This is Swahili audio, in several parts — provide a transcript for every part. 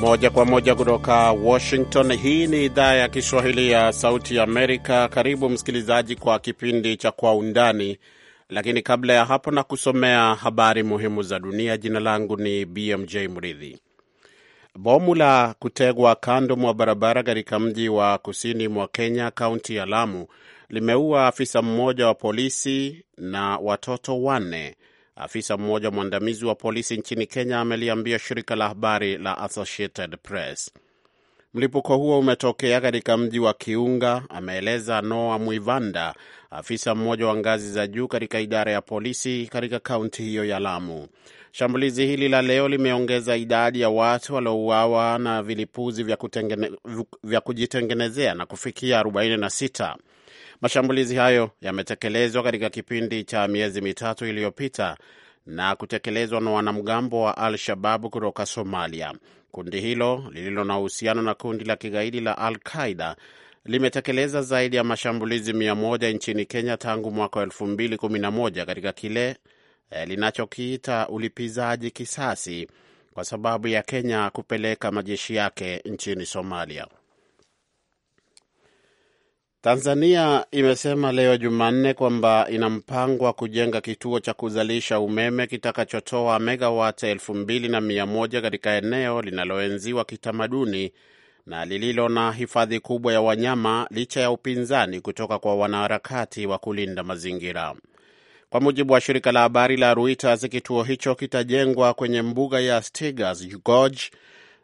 Moja kwa moja kutoka Washington. Hii ni idhaa ya Kiswahili ya Sauti ya Amerika. Karibu msikilizaji kwa kipindi cha Kwa Undani, lakini kabla ya hapo na kusomea habari muhimu za dunia. Jina langu ni BMJ Mridhi. Bomu la kutegwa kando mwa barabara katika mji wa kusini mwa Kenya, kaunti ya Lamu, limeua afisa mmoja wa polisi na watoto wanne Afisa mmoja mwandamizi wa polisi nchini Kenya ameliambia shirika la habari la Associated Press mlipuko huo umetokea katika mji wa Kiunga, ameeleza Noa Mwivanda, afisa mmoja wa ngazi za juu katika idara ya polisi katika kaunti hiyo ya Lamu. Shambulizi hili la leo limeongeza idadi ya watu waliouawa na vilipuzi vya, vya kujitengenezea na kufikia 46. Mashambulizi hayo yametekelezwa katika kipindi cha miezi mitatu iliyopita na kutekelezwa na wanamgambo wa Al-Shababu kutoka Somalia. Kundi hilo lililo na uhusiano na kundi la kigaidi la Al-Qaida limetekeleza zaidi ya mashambulizi mia moja nchini Kenya tangu mwaka wa 2011 katika kile eh, linachokiita ulipizaji kisasi kwa sababu ya Kenya kupeleka majeshi yake nchini Somalia. Tanzania imesema leo Jumanne kwamba ina mpango wa kujenga kituo cha kuzalisha umeme kitakachotoa megawati elfu mbili na mia moja katika eneo linaloenziwa kitamaduni na lililo na hifadhi kubwa ya wanyama licha ya upinzani kutoka kwa wanaharakati wa kulinda mazingira. Kwa mujibu wa shirika la habari la Reuters, kituo hicho kitajengwa kwenye mbuga ya Stigers Gorge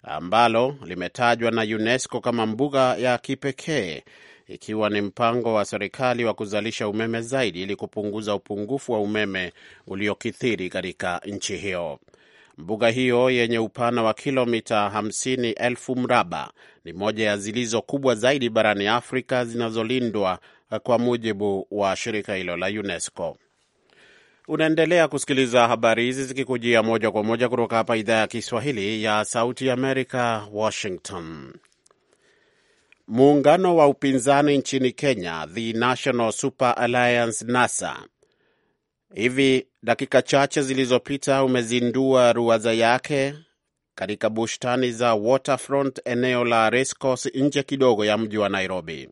ambalo limetajwa na UNESCO kama mbuga ya kipekee ikiwa ni mpango wa serikali wa kuzalisha umeme zaidi ili kupunguza upungufu wa umeme uliokithiri katika nchi hiyo. Mbuga hiyo yenye upana wa kilomita 50,000 mraba ni moja ya zilizo kubwa zaidi barani Afrika zinazolindwa kwa mujibu wa shirika hilo la UNESCO. Unaendelea kusikiliza habari hizi zikikujia moja kwa moja kutoka hapa idhaa ya Kiswahili ya Sauti ya Amerika, Washington. Muungano wa upinzani nchini Kenya, The National Super Alliance NASA, hivi dakika chache zilizopita umezindua ruwaza yake katika bustani za Waterfront eneo la Racecourse nje kidogo ya mji wa Nairobi.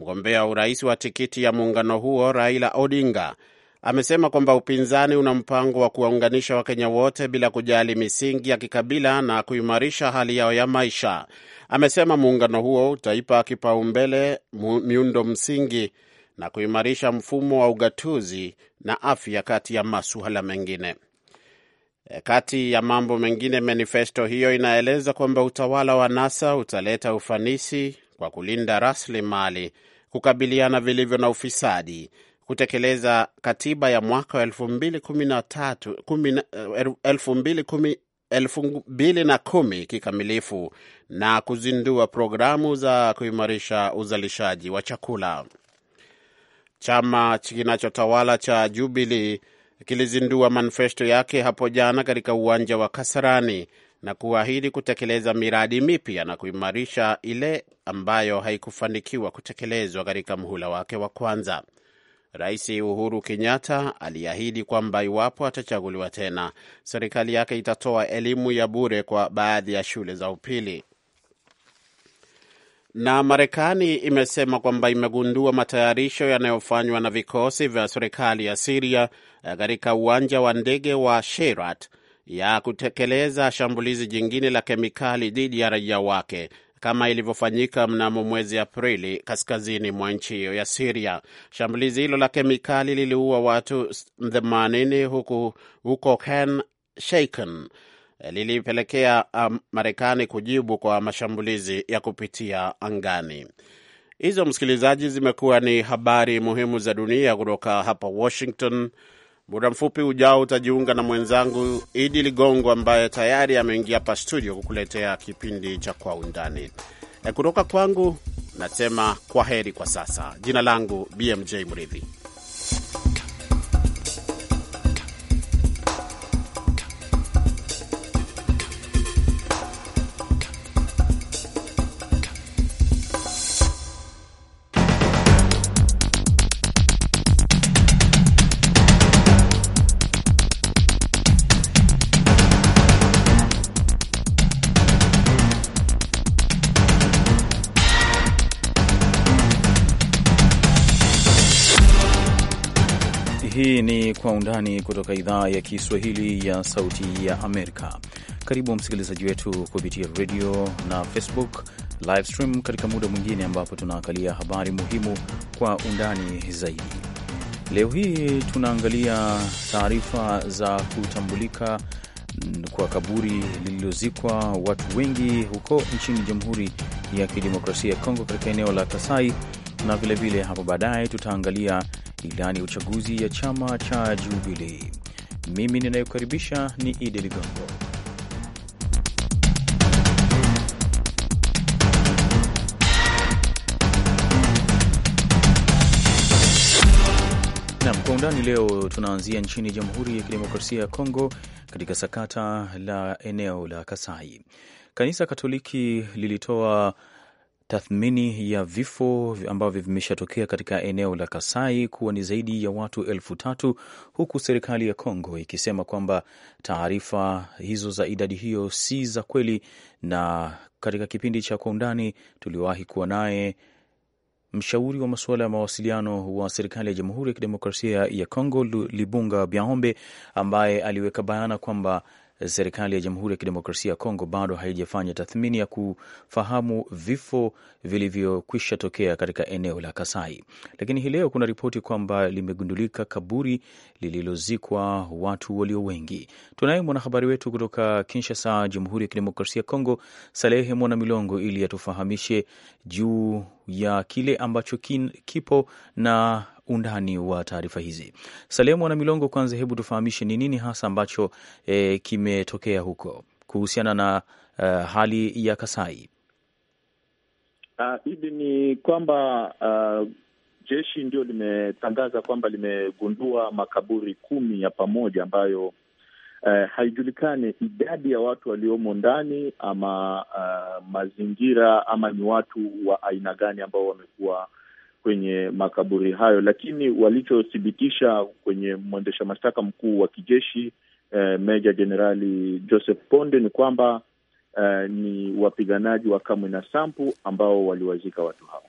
Mgombea urais wa tikiti ya muungano huo Raila Odinga amesema kwamba upinzani una mpango wa kuwaunganisha Wakenya wote bila kujali misingi ya kikabila na kuimarisha hali yao ya maisha. Amesema muungano huo utaipa kipaumbele miundo msingi na kuimarisha mfumo wa ugatuzi na afya, kati ya masuala mengine. E, kati ya mambo mengine, manifesto hiyo inaeleza kwamba utawala wa NASA utaleta ufanisi kwa kulinda rasilimali, kukabiliana vilivyo na ufisadi kutekeleza katiba ya mwaka wa elfu mbili kumi na tatu eh, elfu mbili kumi elfu mbili na kumi kikamilifu na kuzindua programu za kuimarisha uzalishaji wa chakula. Chama kinachotawala cha Jubilee kilizindua manifesto yake hapo jana katika uwanja wa Kasarani na kuahidi kutekeleza miradi mipya na kuimarisha ile ambayo haikufanikiwa kutekelezwa katika mhula wake wa kwanza. Rais Uhuru Kenyatta aliahidi kwamba iwapo atachaguliwa tena, serikali yake itatoa elimu ya bure kwa baadhi ya shule za upili. Na Marekani imesema kwamba imegundua matayarisho yanayofanywa na vikosi vya serikali ya Siria eh, katika uwanja wa ndege wa Sherat ya kutekeleza shambulizi jingine la kemikali dhidi ya raia wake kama ilivyofanyika mnamo mwezi Aprili kaskazini mwa nchi hiyo ya Siria. Shambulizi hilo la kemikali liliua watu 80 huku huko Khan Sheikhan lilipelekea um, Marekani kujibu kwa mashambulizi ya kupitia angani. Hizo msikilizaji, zimekuwa ni habari muhimu za dunia kutoka hapa Washington. Muda mfupi ujao utajiunga na mwenzangu Idi Ligongo ambaye tayari ameingia hapa studio kukuletea kipindi cha Kwa Undani. Eh, kutoka kwangu nasema kwa heri kwa sasa. Jina langu BMJ Mridhi. undani kutoka idhaa ya Kiswahili ya Sauti ya Amerika. Karibu msikilizaji wetu kupitia radio na Facebook live stream katika muda mwingine ambapo tunaangalia habari muhimu kwa undani zaidi. Leo hii tunaangalia taarifa za kutambulika kwa kaburi lililozikwa watu wengi huko nchini Jamhuri ya Kidemokrasia ya Kongo katika eneo la Kasai, na vilevile hapo baadaye tutaangalia ilani ya uchaguzi ya chama cha Jubilii. Mimi ninayokaribisha ni Idi Ligongo. Nam kwa undani leo, tunaanzia nchini Jamhuri ya Kidemokrasia ya Kongo, katika sakata la eneo la Kasai. Kanisa Katoliki lilitoa tathmini ya vifo ambavyo vimeshatokea katika eneo la Kasai kuwa ni zaidi ya watu elfu tatu huku serikali ya Kongo ikisema kwamba taarifa hizo za idadi hiyo si za kweli. Na katika kipindi cha Kwa Undani tuliowahi kuwa naye mshauri wa masuala ya mawasiliano wa serikali ya Jamhuri ya Kidemokrasia ya congo Libunga Biaombe ambaye aliweka bayana kwamba serikali ya Jamhuri ya Kidemokrasia ya Kongo bado haijafanya tathmini ya kufahamu vifo vilivyokwisha tokea katika eneo la Kasai, lakini hii leo kuna ripoti kwamba limegundulika kaburi lililozikwa watu walio wengi. Tunaye mwanahabari wetu kutoka Kinshasa, Jamhuri ya Kidemokrasia ya Kongo, Salehe Mwana Milongo, ili atufahamishe juu ya kile ambacho kin, kipo na undani wa taarifa hizi. Salemu ana Milongo, kwanza hebu tufahamishe ni nini hasa ambacho e, kimetokea huko kuhusiana na uh, hali ya Kasai. Uh, ni kwamba uh, jeshi ndio limetangaza kwamba limegundua makaburi kumi ya pamoja ambayo eh, haijulikani idadi ya watu waliomo ndani ama uh, mazingira ama ni watu wa aina gani ambao wamekuwa kwenye makaburi hayo, lakini walichothibitisha kwenye mwendesha mashtaka mkuu wa kijeshi eh, Meja Jenerali Joseph Ponde ni kwamba eh, ni wapiganaji wa Kamwe na Sampu ambao waliwazika watu hao.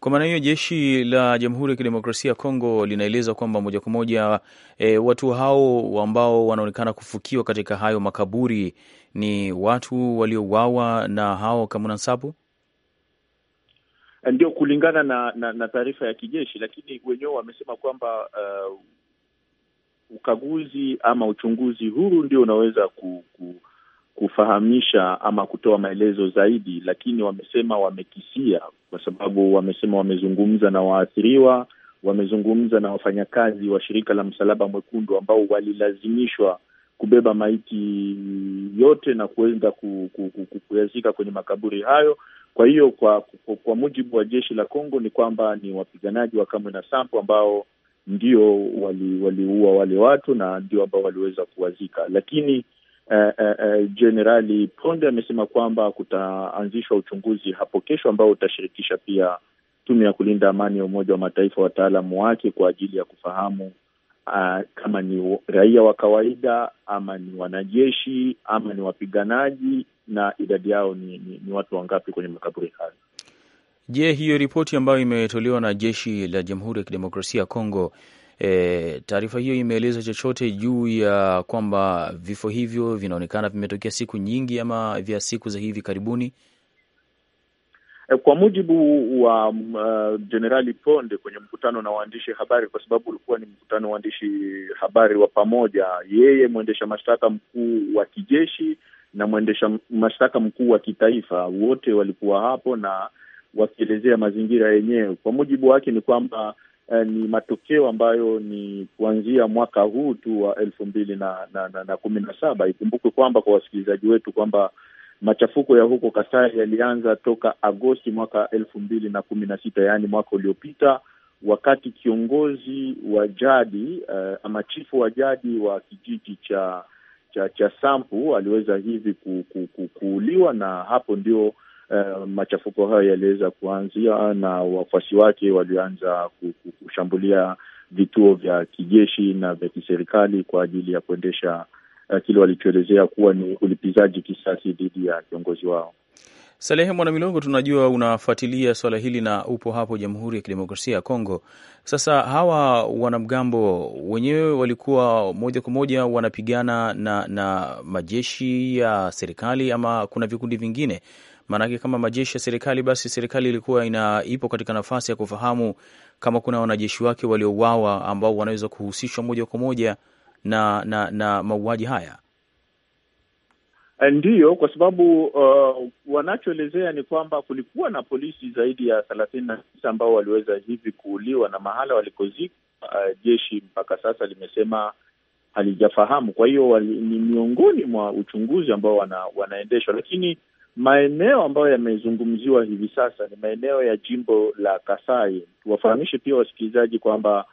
Kwa maana hiyo jeshi la Jamhuri ya Kidemokrasia ya Kongo linaeleza kwamba moja kwa moja e, watu hao ambao wanaonekana kufukiwa katika hayo makaburi ni watu waliouawa na hao Kamuna Nsapu, ndio kulingana na, na, na taarifa ya kijeshi, lakini wenyewe wamesema kwamba uh, ukaguzi ama uchunguzi huru ndio unaweza ku, ku kufahamisha ama kutoa maelezo zaidi, lakini wamesema wamekisia, kwa sababu wamesema wamezungumza na waathiriwa, wamezungumza na wafanyakazi wa shirika la Msalaba Mwekundu ambao walilazimishwa kubeba maiti yote na kuenda kuyazika kwenye makaburi hayo. Kwa hiyo kwa, kwa, kwa mujibu wa jeshi la Kongo ni kwamba ni wapiganaji wa Kamwina Nsapu ambao ndio waliua wali wale watu na ndio ambao waliweza kuwazika, lakini Jenerali eh, eh, eh, uh, uh, Ponde amesema kwamba kutaanzishwa uchunguzi hapo kesho ambao utashirikisha pia tume ya kulinda amani ya Umoja wa Mataifa, wataalamu wake kwa ajili ya kufahamu uh, kama ni raia wa kawaida ama ni wanajeshi ama ni wapiganaji na idadi yao ni, ni, ni watu wangapi kwenye makaburi hayo. Je, hiyo ripoti ambayo imetolewa na jeshi la Jamhuri ya Kidemokrasia ya Kongo E, taarifa hiyo imeeleza chochote juu ya kwamba vifo hivyo vinaonekana vimetokea siku nyingi ama vya siku za hivi karibuni? E, kwa mujibu wa Jenerali e, uh, Ponde kwenye mkutano na waandishi habari, kwa sababu ulikuwa ni mkutano wa waandishi habari wa pamoja, yeye mwendesha mashtaka mkuu wa kijeshi na mwendesha mashtaka mkuu wa kitaifa, wote walikuwa hapo na wakielezea mazingira yenyewe. Kwa mujibu wake ni kwamba Eh, ni matokeo ambayo ni kuanzia mwaka huu tu wa elfu mbili na, na, na, na kumi na saba. Ikumbukwe kwamba kwa wasikilizaji wetu kwamba machafuko ya huko Kasai yalianza toka Agosti mwaka elfu mbili na kumi na sita, yaani mwaka uliopita, wakati kiongozi wa jadi uh, ama chifu wa jadi wa kijiji cha cha, cha Sampu aliweza hivi ku, ku, ku, kuuliwa na hapo ndio Eh, machafuko hayo yaliweza kuanzia na wafuasi wake walioanza kushambulia vituo vya kijeshi na vya kiserikali kwa ajili ya kuendesha uh, kile walichoelezea kuwa ni ulipizaji kisasi dhidi ya kiongozi wao. Salehe Mwana Milongo, tunajua unafuatilia swala hili na upo hapo Jamhuri ya Kidemokrasia ya Kongo. Sasa hawa wanamgambo wenyewe walikuwa moja kwa moja wanapigana na, na majeshi ya serikali ama kuna vikundi vingine? Maanake kama majeshi ya serikali, basi serikali ilikuwa ina ipo katika nafasi ya kufahamu kama kuna wanajeshi wake waliouawa ambao wanaweza kuhusishwa moja kwa moja na, na, na mauaji haya. E, ndiyo, kwa sababu uh, wanachoelezea ni kwamba kulikuwa na polisi zaidi ya thelathini na tisa ambao waliweza hivi kuuliwa na mahala walikozikwa, uh, jeshi mpaka sasa limesema halijafahamu. Kwa hiyo ni miongoni mwa uchunguzi ambao wana, wanaendeshwa, lakini Maeneo ambayo yamezungumziwa hivi sasa ni maeneo ya jimbo la Kasai. Tuwafahamishe pia wasikilizaji kwamba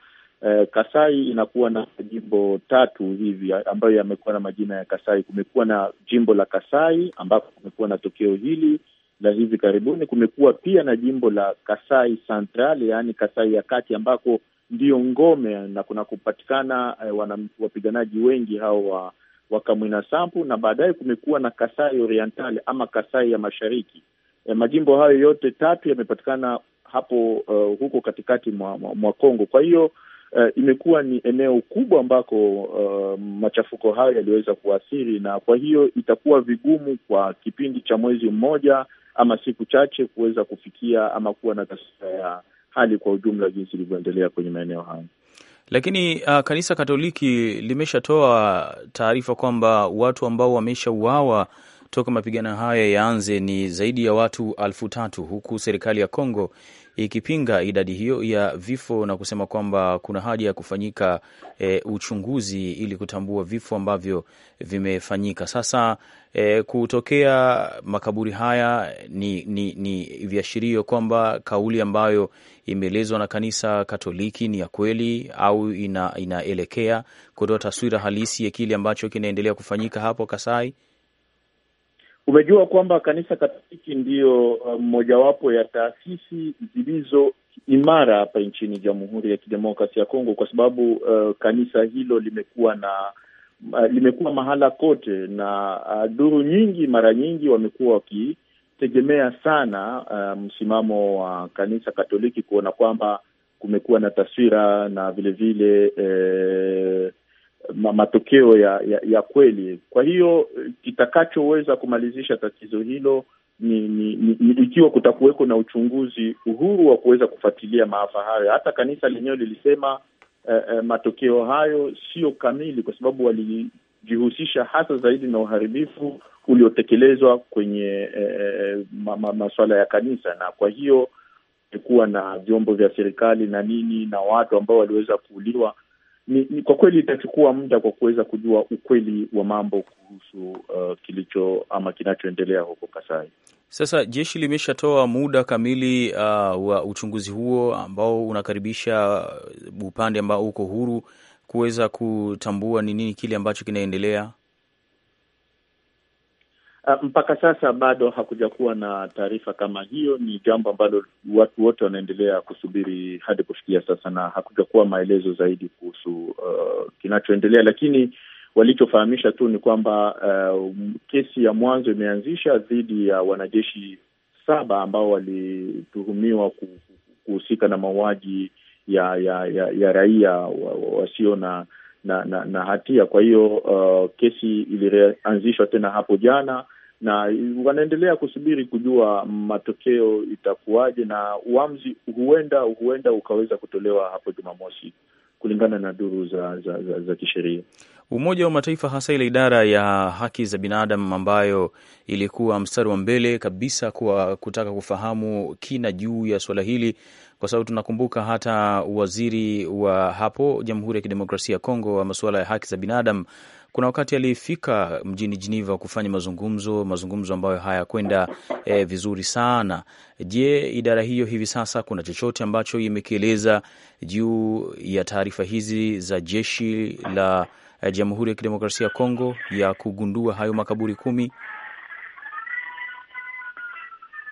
eh, Kasai inakuwa na majimbo tatu hivi ambayo yamekuwa na majina ya Kasai. Kumekuwa na jimbo la Kasai ambapo kumekuwa na tokeo hili la hivi karibuni. Kumekuwa pia na jimbo la Kasai Central, yaani Kasai ya kati ambako ndiyo ngome na kuna kupatikana eh, wapiganaji wengi hao wa Wakamwina sampu na baadaye kumekuwa na Kasai Oriental ama Kasai ya Mashariki. E, majimbo hayo yote tatu yamepatikana hapo uh, huko katikati mwa, mwa Kongo. Kwa hiyo Uh, imekuwa ni eneo kubwa ambako uh, machafuko hayo yaliweza kuathiri, na kwa hiyo itakuwa vigumu kwa kipindi cha mwezi mmoja ama siku chache kuweza kufikia ama kuwa na taswira ya hali kwa ujumla jinsi ilivyoendelea kwenye maeneo hayo. Lakini uh, kanisa Katoliki limeshatoa taarifa kwamba watu ambao wameshauawa toka mapigano haya yaanze ni zaidi ya watu alfu tatu huku serikali ya Kongo ikipinga idadi hiyo ya vifo na kusema kwamba kuna haja ya kufanyika e, uchunguzi ili kutambua vifo ambavyo vimefanyika. Sasa e, kutokea makaburi haya ni, ni, ni viashirio kwamba kauli ambayo imeelezwa na kanisa Katoliki ni ya kweli au ina, inaelekea kutoa taswira halisi ya kile ambacho kinaendelea kufanyika hapo Kasai? Umejua kwamba kanisa Katoliki ndiyo uh, mojawapo um, ya taasisi zilizo imara hapa nchini Jamhuri ya Kidemokrasia ya Kongo kwa sababu uh, kanisa hilo limekuwa na uh, limekuwa mahala kote na uh, duru nyingi mara nyingi wamekuwa wakitegemea sana uh, msimamo wa uh, kanisa Katoliki kuona kwamba kumekuwa na taswira na vilevile vile, eh, matokeo ya, ya ya kweli. Kwa hiyo kitakachoweza kumalizisha tatizo hilo ni, ni, ni, ni ikiwa kutakuweko na uchunguzi uhuru wa kuweza kufuatilia maafa hayo. Hata kanisa lenyewe lilisema eh, eh, matokeo hayo sio kamili, kwa sababu walijihusisha hasa zaidi na uharibifu uliotekelezwa kwenye eh, eh ma, ma, masuala ya kanisa, na kwa hiyo kulikuwa na vyombo vya serikali na nini na watu ambao waliweza kuuliwa ni, ni kwa kweli itachukua muda kwa kuweza kujua ukweli wa mambo kuhusu uh, kilicho ama kinachoendelea huko Kasai. Sasa jeshi limeshatoa muda kamili uh, wa uchunguzi huo ambao unakaribisha uh, upande ambao uko huru kuweza kutambua ni nini kile ambacho kinaendelea. Uh, mpaka sasa bado hakuja kuwa na taarifa kama hiyo. Ni jambo ambalo watu wote wanaendelea kusubiri hadi kufikia sasa, na hakuja kuwa maelezo zaidi kuhusu uh, kinachoendelea, lakini walichofahamisha tu ni kwamba uh, kesi ya mwanzo imeanzisha dhidi ya wanajeshi saba ambao walituhumiwa kuhusika na mauaji ya ya, ya ya raia wasio na na, na na hatia. Kwa hiyo uh, kesi ilianzishwa tena hapo jana na wanaendelea kusubiri kujua matokeo itakuwaje, na uamuzi huenda huenda ukaweza kutolewa hapo Jumamosi kulingana na duru za, za, za, za kisheria. Umoja wa Mataifa, hasa ile idara ya haki za binadamu ambayo ilikuwa mstari wa mbele kabisa kwa kutaka kufahamu kina juu ya suala hili, kwa sababu tunakumbuka hata waziri wa hapo Jamhuri ya Kidemokrasia ya Kongo wa masuala ya haki za binadamu kuna wakati alifika mjini Geneva kufanya mazungumzo, mazungumzo ambayo hayakwenda e, vizuri sana. Je, idara hiyo hivi sasa kuna chochote ambacho imekieleza juu ya taarifa hizi za jeshi la eh, Jamhuri ya Kidemokrasia ya Kongo ya kugundua hayo makaburi kumi?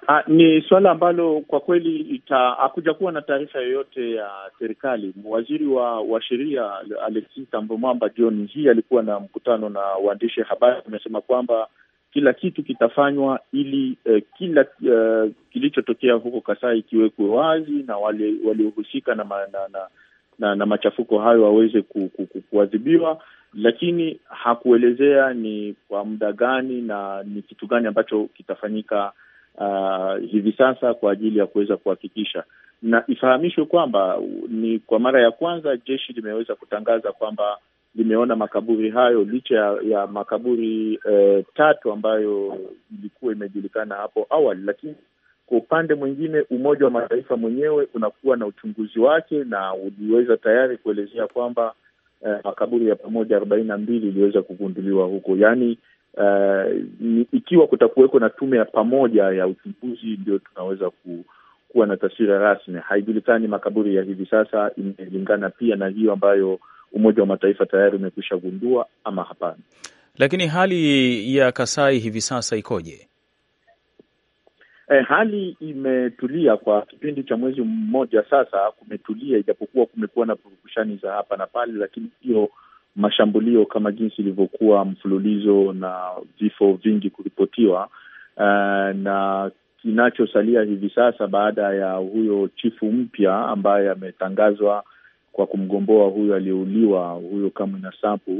A, ah, ni suala ambalo kwa kweli hakuja kuwa na taarifa yoyote ya serikali. Waziri wa, wa sheria Alexis Thambwe Mwamba jioni hii alikuwa na mkutano na waandishi habari, amesema kwamba kila kitu kitafanywa ili eh, kila eh, kilichotokea huko Kasai kiwekwe wazi na wale waliohusika na, na, na, na, na machafuko hayo waweze ku, ku, ku, kuadhibiwa lakini hakuelezea ni kwa muda gani na ni kitu gani ambacho kitafanyika uh, hivi sasa kwa ajili ya kuweza kuhakikisha, na ifahamishwe kwamba ni kwa mara ya kwanza jeshi limeweza kutangaza kwamba limeona makaburi hayo licha ya, ya makaburi eh, tatu ambayo ilikuwa imejulikana hapo awali. Lakini kwa upande mwingine, Umoja wa Mataifa mwenyewe unakuwa na uchunguzi wake na uliweza tayari kuelezea kwamba eh, makaburi ya pamoja arobaini na mbili iliweza kugunduliwa huko, yaani uh, ikiwa kutakuweko na tume ya pamoja ya uchunguzi, ndio tunaweza ku, kuwa na taswira rasmi. Haijulikani makaburi ya hivi sasa imelingana pia na hiyo ambayo Umoja wa Mataifa tayari umekwisha gundua ama hapana. Lakini hali ya Kasai hivi sasa ikoje? Eh, hali imetulia kwa kipindi cha mwezi mmoja sasa, kumetulia ijapokuwa kumekuwa na purukushani za hapa na pale, lakini hiyo mashambulio kama jinsi ilivyokuwa mfululizo na vifo vingi kuripotiwa. Uh, na kinachosalia hivi sasa baada ya huyo chifu mpya ambaye ametangazwa kwa kumgomboa huyo aliyeuliwa huyo na sapu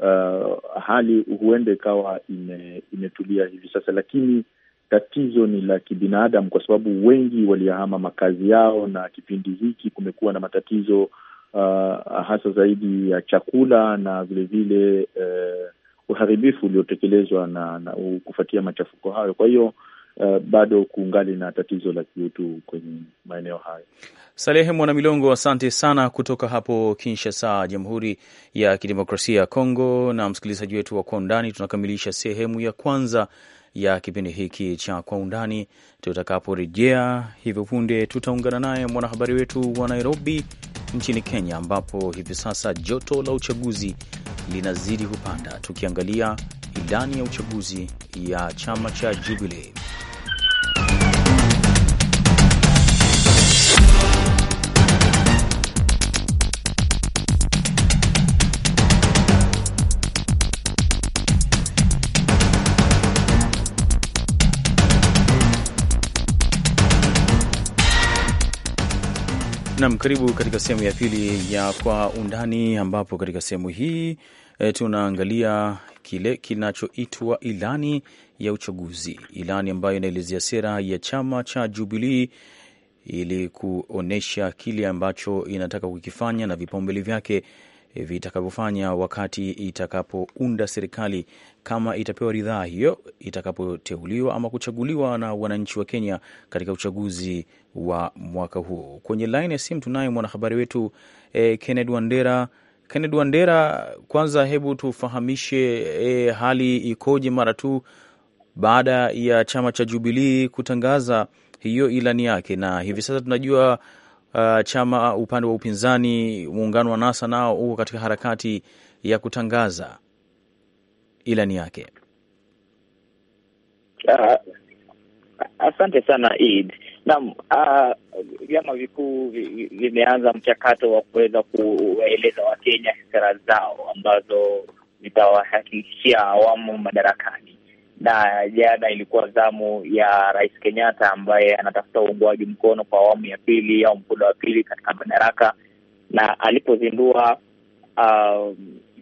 uh, eh, hali huenda ikawa ime, imetulia hivi sasa, lakini tatizo ni la kibinadamu, kwa sababu wengi waliyahama makazi yao, na kipindi hiki kumekuwa na matatizo uh, hasa zaidi ya chakula na vilevile uh, uharibifu uliotekelezwa na, na kufuatia machafuko hayo. Kwa hiyo uh, bado kuungali na tatizo la kiutu kwenye maeneo hayo. Salehe milongo asante sana kutoka hapo Kinshasa, Jamhuri ya Kidemokrasia ya Kongo. Na msikilizaji wetu wa Kwa Undani, tunakamilisha sehemu ya kwanza ya kipindi hiki cha Kwa Undani. Tutakaporejea hivyo punde, tutaungana naye mwanahabari wetu wa Nairobi nchini Kenya, ambapo hivi sasa joto la uchaguzi linazidi kupanda, tukiangalia ilani ya uchaguzi ya chama cha Jubilee. Nam, karibu katika sehemu ya pili ya Kwa Undani, ambapo katika sehemu hii e, tunaangalia kile kinachoitwa ilani ya uchaguzi, ilani ambayo inaelezea sera ya chama cha Jubilii ili kuonyesha kile ambacho inataka kukifanya na vipaumbele vyake vitakavyofanya wakati itakapounda serikali, kama itapewa ridhaa hiyo itakapoteuliwa ama kuchaguliwa na wananchi wa Kenya katika uchaguzi wa mwaka huu. Kwenye laini ya simu tunaye mwanahabari wetu e, eh, Kenneth Wandera. Kenneth Wandera, kwanza hebu tufahamishe e, hali ikoje mara tu baada ya chama cha Jubilii kutangaza hiyo ilani yake, na hivi sasa tunajua uh, chama uh, upande wa upinzani muungano wa NASA nao uko katika harakati ya kutangaza ilani yake. Uh, asante sana Eid. Naam, uh, vyama uh, vikuu vimeanza mchakato wa kuweza kuwaeleza Wakenya sera zao ambazo zitawahakikishia awamu madarakani na jana ilikuwa zamu ya Rais Kenyatta ambaye anatafuta uungwaji mkono kwa awamu ya pili au mkono wa pili katika madaraka, na alipozindua um,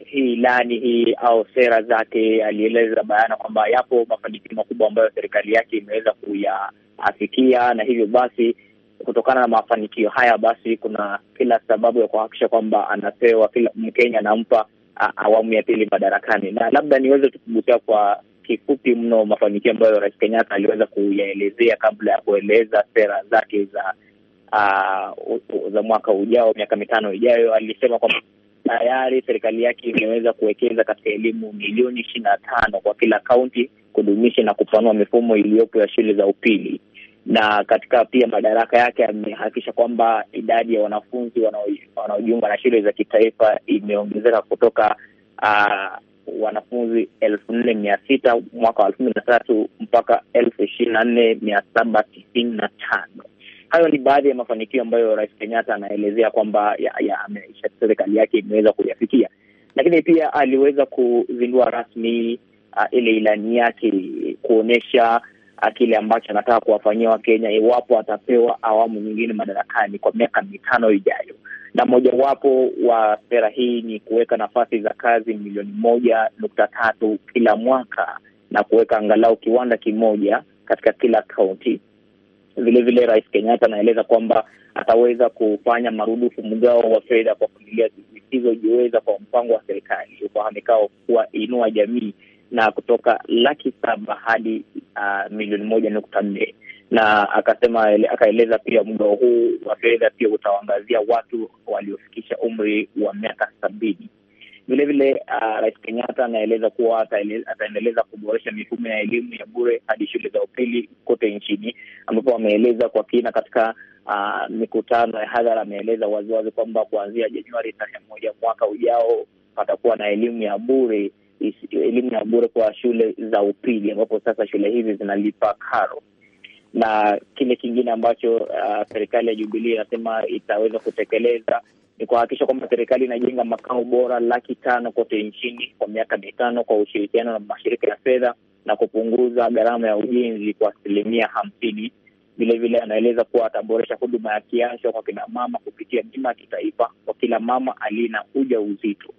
hii ilani hii au sera zake, alieleza bayana kwamba yapo mafanikio makubwa ambayo serikali yake imeweza kuyaafikia na hivyo basi kutokana na mafanikio haya, basi kuna kila sababu ya kuhakikisha kwamba anapewa kila Mkenya anampa awamu ya pili madarakani, na labda niweze tukugusia kwa kifupi mno mafanikio ambayo Rais Kenyatta aliweza kuyaelezea kabla ya kueleza sera zake za uh, za mwaka ujao, miaka mitano ijayo. Alisema kwamba tayari serikali yake imeweza kuwekeza katika elimu milioni ishirini na tano kwa kila kaunti kudumisha na kupanua mifumo iliyopo ya shule za upili na katika pia madaraka yake amehakikisha kwamba idadi ya wanafunzi wanaojiunga na shule za kitaifa imeongezeka kutoka uh, wanafunzi elfu nne mia sita mwaka wa elfu mbili na tatu mpaka elfu ishirini na nne mia saba tisini na tano. Hayo ni baadhi ya mafanikio ambayo Rais Kenyatta anaelezea kwamba ya, ya, serikali yake imeweza kuyafikia, lakini pia aliweza kuzindua rasmi uh, ile ilani yake kuonyesha Uh, kile ambacho anataka kuwafanyia Wakenya iwapo atapewa awamu nyingine madarakani kwa miaka mitano ijayo. Na mojawapo wa sera hii ni kuweka nafasi za kazi milioni moja nukta tatu kila mwaka na kuweka angalau kiwanda kimoja katika kila kaunti. Vilevile Rais Kenyatta anaeleza kwamba ataweza kufanya marudufu mgao wa fedha kwa familia zisizojiweza kwa mpango wa serikali ufahamikao kuwa Inua Jamii, na kutoka laki saba hadi uh, milioni moja nukta nne na akasema, akaeleza pia mgao huu wa fedha pia utawaangazia watu waliofikisha umri wa miaka sabini. Vilevile uh, Rais Kenyatta anaeleza kuwa ataendeleza kuboresha mifumo ya elimu ya bure hadi shule za upili kote nchini, ambapo ameeleza kwa kina katika uh, mikutano ya hadhara. Ameeleza waziwazi kwamba kuanzia Januari tarehe moja mwaka ujao patakuwa na elimu ya bure elimu ya bure kwa shule za upili, ambapo sasa shule hizi zinalipa karo. Na kile kingine ambacho uh, serikali ya jubilii inasema itaweza kutekeleza ni kuhakikisha kwamba serikali inajenga makao bora laki tano kote nchini kwa miaka mitano kwa ushirikiano na mashirika ya fedha na kupunguza gharama ya ujenzi kwa asilimia hamsini. Vilevile anaeleza kuwa ataboresha huduma ya kiafya kwa kina mama kupitia bima ya kitaifa kwa kila mama aliye na uja uzito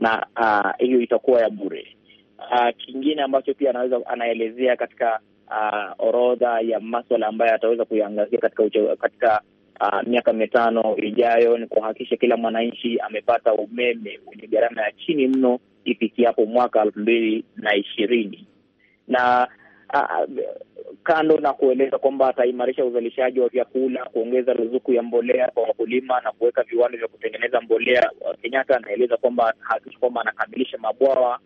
na ah, hiyo uh, itakuwa ya bure. Uh, kingine ambacho pia anaweza anaelezea katika uh, orodha ya maswala ambayo ataweza kuiangazia katika uche, katika uh, miaka mitano ijayo ni kuhakikisha kila mwananchi amepata umeme wenye gharama ya chini mno ifikiapo mwaka elfu mbili na ishirini na Ah, ah, kando na kueleza kwamba ataimarisha uzalishaji wa vyakula, kuongeza ruzuku ya mbolea kwa wakulima na kuweka viwanda vya kutengeneza mbolea, Kenyatta anaeleza kwamba hakikisha kwamba anakamilisha mabwawa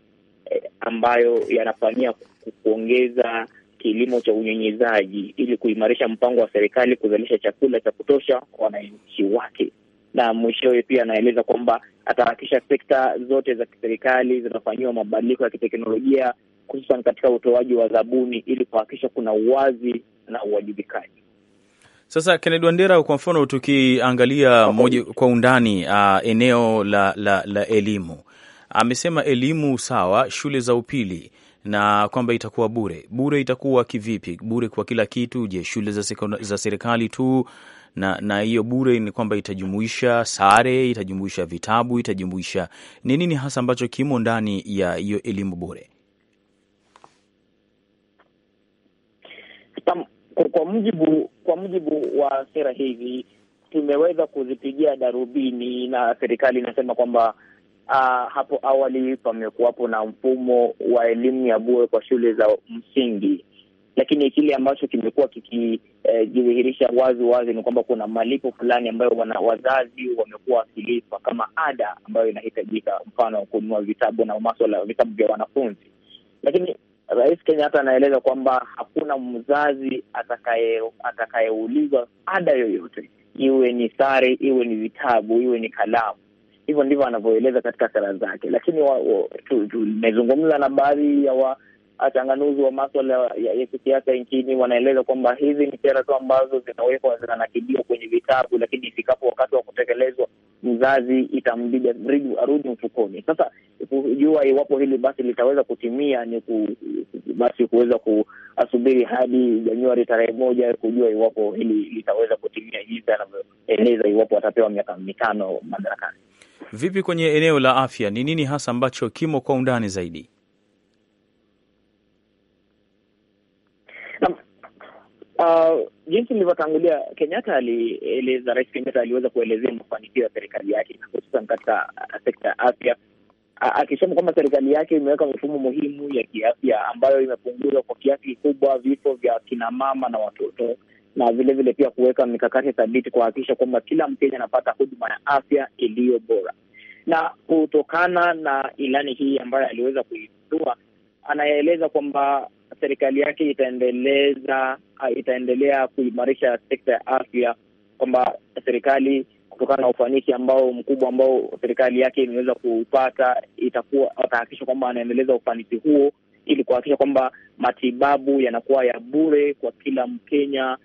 eh, ambayo yanafanyia kuongeza kilimo cha unyenyezaji ili kuimarisha mpango wa serikali kuzalisha chakula cha kutosha kwa wananchi wake. Na mwishowe pia anaeleza kwamba ataharakisha sekta zote za kiserikali zinafanyiwa mabadiliko ya kiteknolojia hususan katika utoaji wa zabuni ili kuhakikisha kuna uwazi na uwajibikaji. Sasa Kennedy Wandera, kwa mfano tukiangalia moja kwa undani uh, eneo la, la, la elimu amesema elimu sawa shule za upili na kwamba itakuwa bure. Bure itakuwa kivipi? Bure kwa kila kitu? Je, shule za, za serikali tu? Na na hiyo bure ni kwamba itajumuisha sare, itajumuisha vitabu, itajumuisha ni nini hasa ambacho kimo ndani ya hiyo elimu bure? Tam, kwa mujibu kwa mujibu wa sera hizi tumeweza kuzipigia darubini na serikali inasema kwamba Uh, hapo awali pamekuwapo na mfumo wa elimu ya bure kwa shule za msingi, lakini kile ambacho kimekuwa kikijidhihirisha eh, wazi wazi ni kwamba kuna malipo fulani ambayo wana wazazi wamekuwa wakilipa kama ada ambayo inahitajika, mfano kununua vitabu na maswala vitabu vya wanafunzi, lakini Rais Kenyatta anaeleza kwamba hakuna mzazi atakayeulizwa ada yoyote, iwe ni sare, iwe ni vitabu, iwe ni kalamu. Hivyo ndivyo anavyoeleza katika sera zake, lakini tumezungumza na baadhi ya wa wachanganuzi wa maswala ya, ya kisiasa nchini wanaeleza kwamba hizi ni sera tu ambazo zinawekwa zinanakidiwa kwenye vitabu, lakini ifikapo wakati wa kutekelezwa mzazi itambidi arudi mfukoni. Sasa kujua iwapo hili basi litaweza kutimia ni ku, basi kuweza kuasubiri hadi Januari tarehe moja kujua iwapo hili litaweza kutimia jinsi anavyoeleza, iwapo atapewa miaka mitano madarakani. Vipi kwenye eneo la afya, ni nini hasa ambacho kimo kwa undani zaidi? Uh, jinsi nilivyotangulia, Kenyatta alieleza, Rais Kenyatta aliweza kuelezea mafanikio ya serikali yake hususan katika uh, sekta ya afya, uh, akisema kwamba serikali yake imeweka mifumo muhimu ya kiafya ambayo imepunguza kwa kiasi kikubwa vifo vya kinamama na watoto na vilevile vile pia kuweka mikakati thabiti kuhakikisha kwamba kila Mkenya anapata huduma ya afya iliyo bora. Na kutokana na ilani hii ambayo aliweza kuizindua, anaeleza kwamba serikali yake itaendeleza ah, itaendelea kuimarisha sekta ya afya, kwamba serikali kutokana na ufanisi ambao mkubwa ambao serikali yake imeweza kuupata, itakuwa atahakikisha kwamba anaendeleza ufanisi huo ili kuhakikisha kwamba matibabu yanakuwa ya bure kwa kila Mkenya,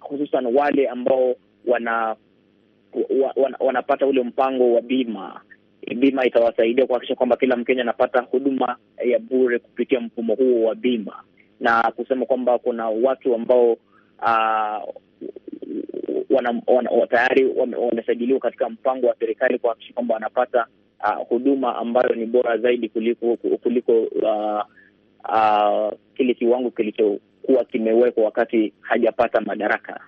hususan wale ambao wana wa, wanapata ule mpango wa bima. Bima itawasaidia kuhakikisha kwamba kila Mkenya anapata huduma ya bure kupitia mfumo huo wa bima na kusema kwamba kuna watu ambao uh, wana, wana, tayari wamesajiliwa katika mpango wa serikali kuhakikisha kwamba wanapata uh, huduma ambayo ni bora zaidi kuliko kuliko uh, uh, kile kiwango kilichokuwa kimewekwa wakati hajapata madaraka.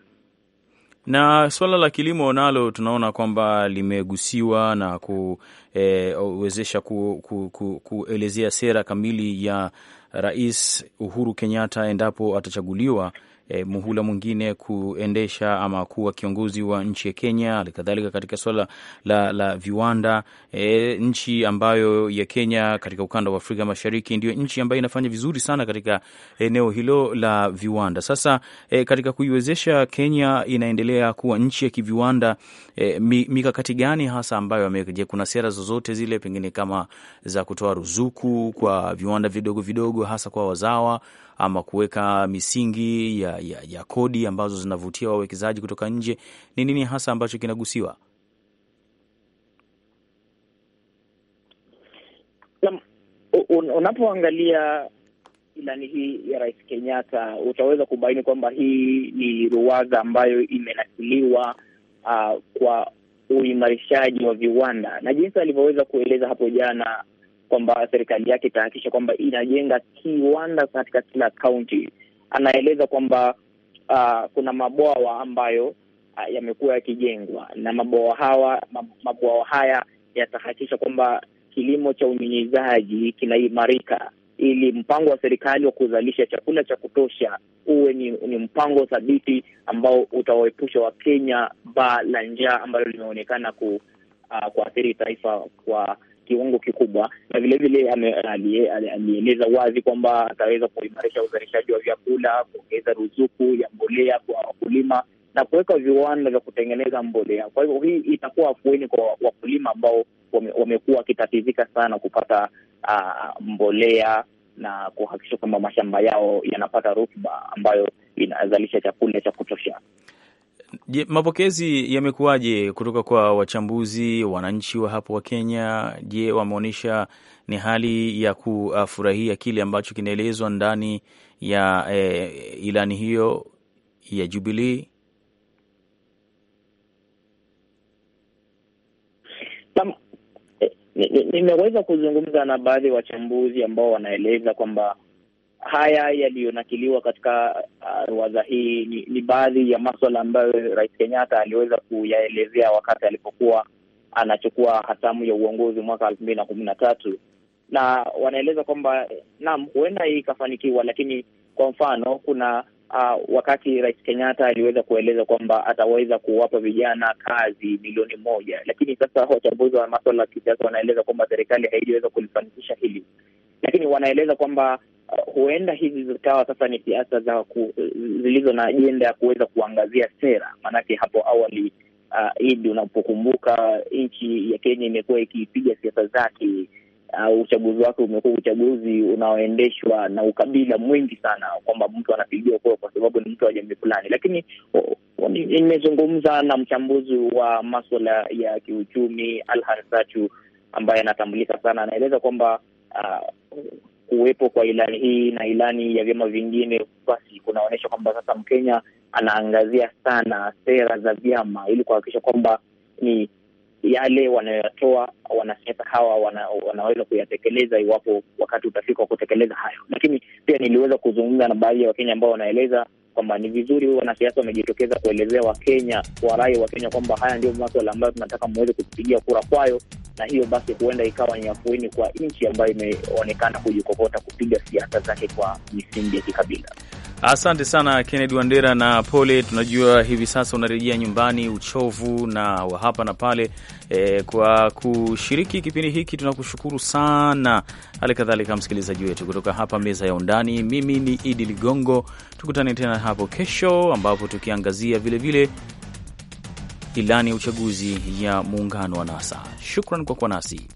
Na suala la kilimo nalo tunaona kwamba limegusiwa na kuwezesha eh, e, ku, ku, ku, kuelezea sera kamili ya Rais Uhuru Kenyatta endapo atachaguliwa e, muhula mwingine kuendesha ama kuwa kiongozi wa nchi ya Kenya. Halikadhalika katika swala la, la viwanda e, nchi ambayo ya Kenya katika ukanda wa Afrika Mashariki ndio nchi ambayo inafanya vizuri sana katika eneo hilo la viwanda. Sasa e, katika kuiwezesha Kenya inaendelea kuwa nchi ya kiviwanda, e, mikakati gani hasa ambayo ameweka? kuna sera zozote zile pengine kama za kutoa ruzuku kwa viwanda vidogo vidogo hasa kwa wazawa ama kuweka misingi ya, ya, ya kodi ambazo zinavutia wawekezaji kutoka nje? Ni nini hasa ambacho kinagusiwa? Unapoangalia ilani hii ya Rais Kenyatta utaweza kubaini kwamba hii ni ruwaza ambayo imenakiliwa uh, kwa uimarishaji wa viwanda na jinsi alivyoweza kueleza hapo jana kwamba serikali yake itahakikisha kwamba inajenga kiwanda katika kila kaunti. Anaeleza kwamba uh, kuna mabwawa ambayo uh, yamekuwa yakijengwa na mabwawa hawa mabwawa haya yatahakikisha kwamba kilimo cha unyunyizaji kinaimarika ili mpango wa serikali wa kuzalisha chakula cha kutosha uwe ni, ni mpango thabiti ambao utawaepusha Wakenya baa la njaa ambalo limeonekana ku, uh, kuathiri taifa kwa kiwango kikubwa, na vilevile alieleza wazi kwamba ataweza kuimarisha uzalishaji wa vyakula, kuongeza ruzuku ya mbolea kwa wakulima na kuweka viwanda vya kutengeneza mbolea. Kwa hivyo hii itakuwa afueni kwa wakulima ambao wamekuwa wakitatizika sana kupata uh, mbolea na kuhakikisha kwamba mashamba yao yanapata rutuba ambayo inazalisha chakula cha kutosha. Je, mapokezi yamekuwaje kutoka kwa wachambuzi, wananchi wa hapo wa Kenya? Je, wameonyesha ni hali ya kufurahia kile ambacho kinaelezwa ndani ya e, ilani hiyo ya Jubilee? Eh, nimeweza kuzungumza na baadhi ya wachambuzi ambao wanaeleza kwamba haya yaliyonakiliwa katika uh, ruwaza uh, hii ni, ni baadhi ya maswala ambayo Rais Kenyatta aliweza kuyaelezea wakati alipokuwa anachukua hatamu ya uongozi mwaka elfu mbili na kumi na tatu na wanaeleza kwamba naam, huenda hii ikafanikiwa, lakini kwa mfano kuna uh, wakati Rais Kenyatta aliweza kueleza kwamba ataweza kuwapa vijana kazi milioni moja, lakini sasa wachambuzi wa maswala ya kisiasa wanaeleza kwamba serikali haijaweza kulifanikisha hili lakini wanaeleza kwamba uh, huenda hizi zikawa sasa ni siasa za ku, zilizo na ajenda ya kuweza kuangazia sera, maanake hapo awali uh, Idi, unapokumbuka nchi ya Kenya imekuwa ikipiga siasa zake au uh, uchaguzi wake umekuwa uchaguzi unaoendeshwa na ukabila mwingi sana, kwamba mtu anapigiwa kura kwa sababu ni mtu wa jamii fulani. Lakini uh, nimezungumza na mchambuzi wa maswala ya kiuchumi Alhan Sachu ambaye anatambulika sana, anaeleza kwamba Uh, kuwepo kwa ilani hii na ilani ya vyama vingine, basi kunaonyesha kwamba sasa Mkenya anaangazia sana sera za vyama ili kuhakikisha kwamba ni yale wanayoyatoa wanasiasa hawa wana, wanaweza kuyatekeleza iwapo wakati utafika wa kutekeleza hayo. Lakini pia niliweza kuzungumza na baadhi ya Wakenya ambao wanaeleza kwamba ni vizuri huyu wanasiasa wamejitokeza kuelezea Wakenya, wa Wakenya kwamba haya ndio maswala ambayo tunataka mweze kupigia kura kwayo, na hiyo basi huenda ikawa ni afueni kwa nchi ambayo imeonekana kujikokota kupiga siasa zake kwa misingi ya kikabila. Asante sana Kennedy Wandera na pole. Tunajua hivi sasa unarejea nyumbani uchovu na wa hapa na pale. E, kwa kushiriki kipindi hiki tunakushukuru sana. Hali kadhalika msikilizaji wetu, kutoka hapa meza ya undani, mimi ni Idi Ligongo. Tukutane tena hapo kesho, ambapo tukiangazia vilevile ilani ya uchaguzi ya muungano wa NASA. Shukran kwa kuwa nasi.